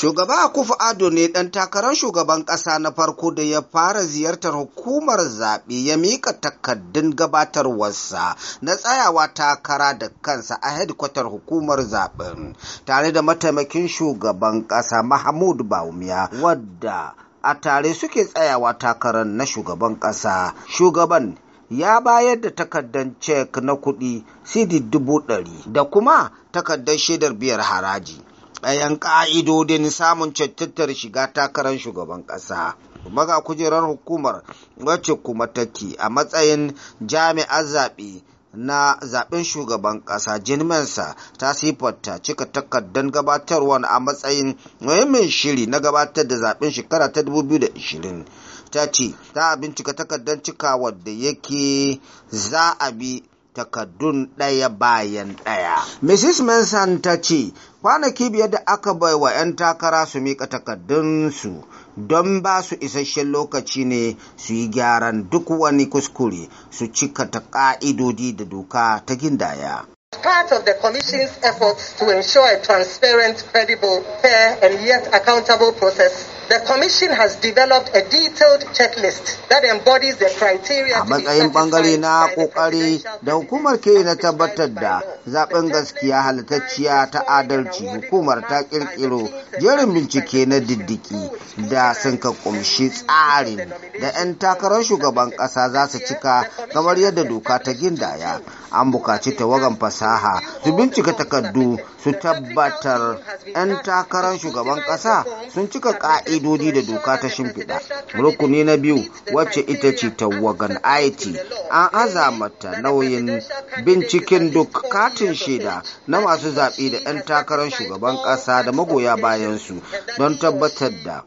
Shugaba Akufu Ado ne ɗan takarar shugaban ƙasa na farko da ya fara ziyartar hukumar zaɓe ya mika takardun gabatarwarsa na tsayawa takara da kansa a hedkwatar hukumar zaɓen tare da mataimakin shugaban ƙasa Mahmud baumiya wadda a tare suke tsayawa takarar na shugaban ƙasa. Shugaban ya bayar da takardar cek na kuɗi sidi dubu ɗari da kuma takardar shaidar biyar haraji. ɗayan ƙa'idodin samun cattattar shiga takarar shugaban ƙasa. kuma kujerar hukumar wacce kuma take a matsayin jami'ar zaɓe na zaɓen shugaban ƙasa jinmensa ta sifatta cika takardar gabatarwa a matsayin muhimmin shiri na gabatar da zaɓen shekara ta 2020 ta ce za a bincika takardar cika wadda yake za a bi takaddun ɗaya bayan ɗaya. Mrs. Manson ta ce, kwanaki biyar da aka bai wa 'yan takara su miƙa takaddunsu don ba su isasshen lokaci ne su yi gyaran duk wani kuskure su cika ta ƙa'idodi da doka ta gindaya. part of the Commission's efforts to ensure a transparent, credible, fair, and yet accountable process The commission has developed a detailed checklist that embodies the criteria. A matsayin ɓangare na ƙoƙari, da hukumar ke na tabbatar da zaben gaskiya halittacciya ta adalci hukumar ta ƙirƙiro jerin bincike na diddiki da sun ka kumshi tsarin da 'yan takarar shugaban ƙasa za su cika kamar yadda doka ta gindaya an bukaci tawagan fasaha su bincika takardu su tabbatar 'yan takarar shugaban ƙasa sun cika ka'i ƙa'idodi da doka ta shimfiɗa rukuni na biyu wacce ita ce tawagan it an aza mata nauyin binciken duk katin shaida na masu zaɓe da 'yan takarar shugaban ƙasa da magoya bayansu don tabbatar da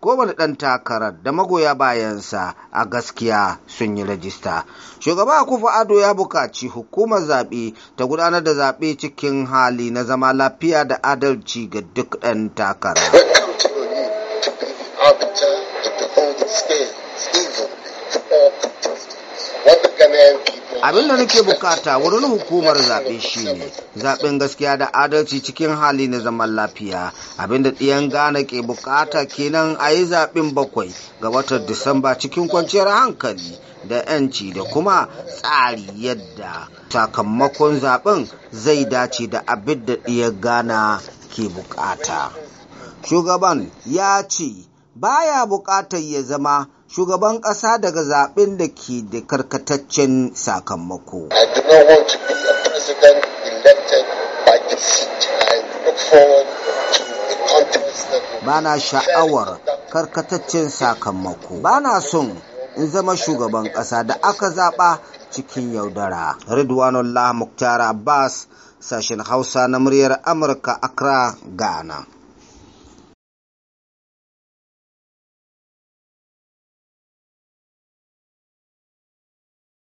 kowane ɗan takarar da magoya bayansa a gaskiya sun yi rajista. Shugaba Kufa Ado ya buƙaci hukumar zaɓe ta gudanar da zaɓe cikin hali na zama lafiya da adalci ga duk ɗan takara. arbiter of the evenly for all contestants. What Abin da nake bukata wurin hukumar zaɓe shine zaɓen gaskiya da adalci cikin hali na zaman lafiya abinda ɗiyan Ghana ke bukata kenan a yi zaɓen bakwai ga watan Disamba cikin kwanciyar hankali da 'yanci da kuma tsari yadda sakamakon zaɓen zai dace da abin da ɗiyan Ghana ke bukata. Shugaban ya ce baya buƙatar ya zama shugaban ƙasa daga zaɓen da ke da karkataccen sakamako. Bana sha'awar karkataccen sakamako. Bana son in zama shugaban ƙasa da aka zaɓa cikin yaudara. Ridwanullah Muktar Abbas, sashen Hausa na muryar Amurka, Accra, Ghana.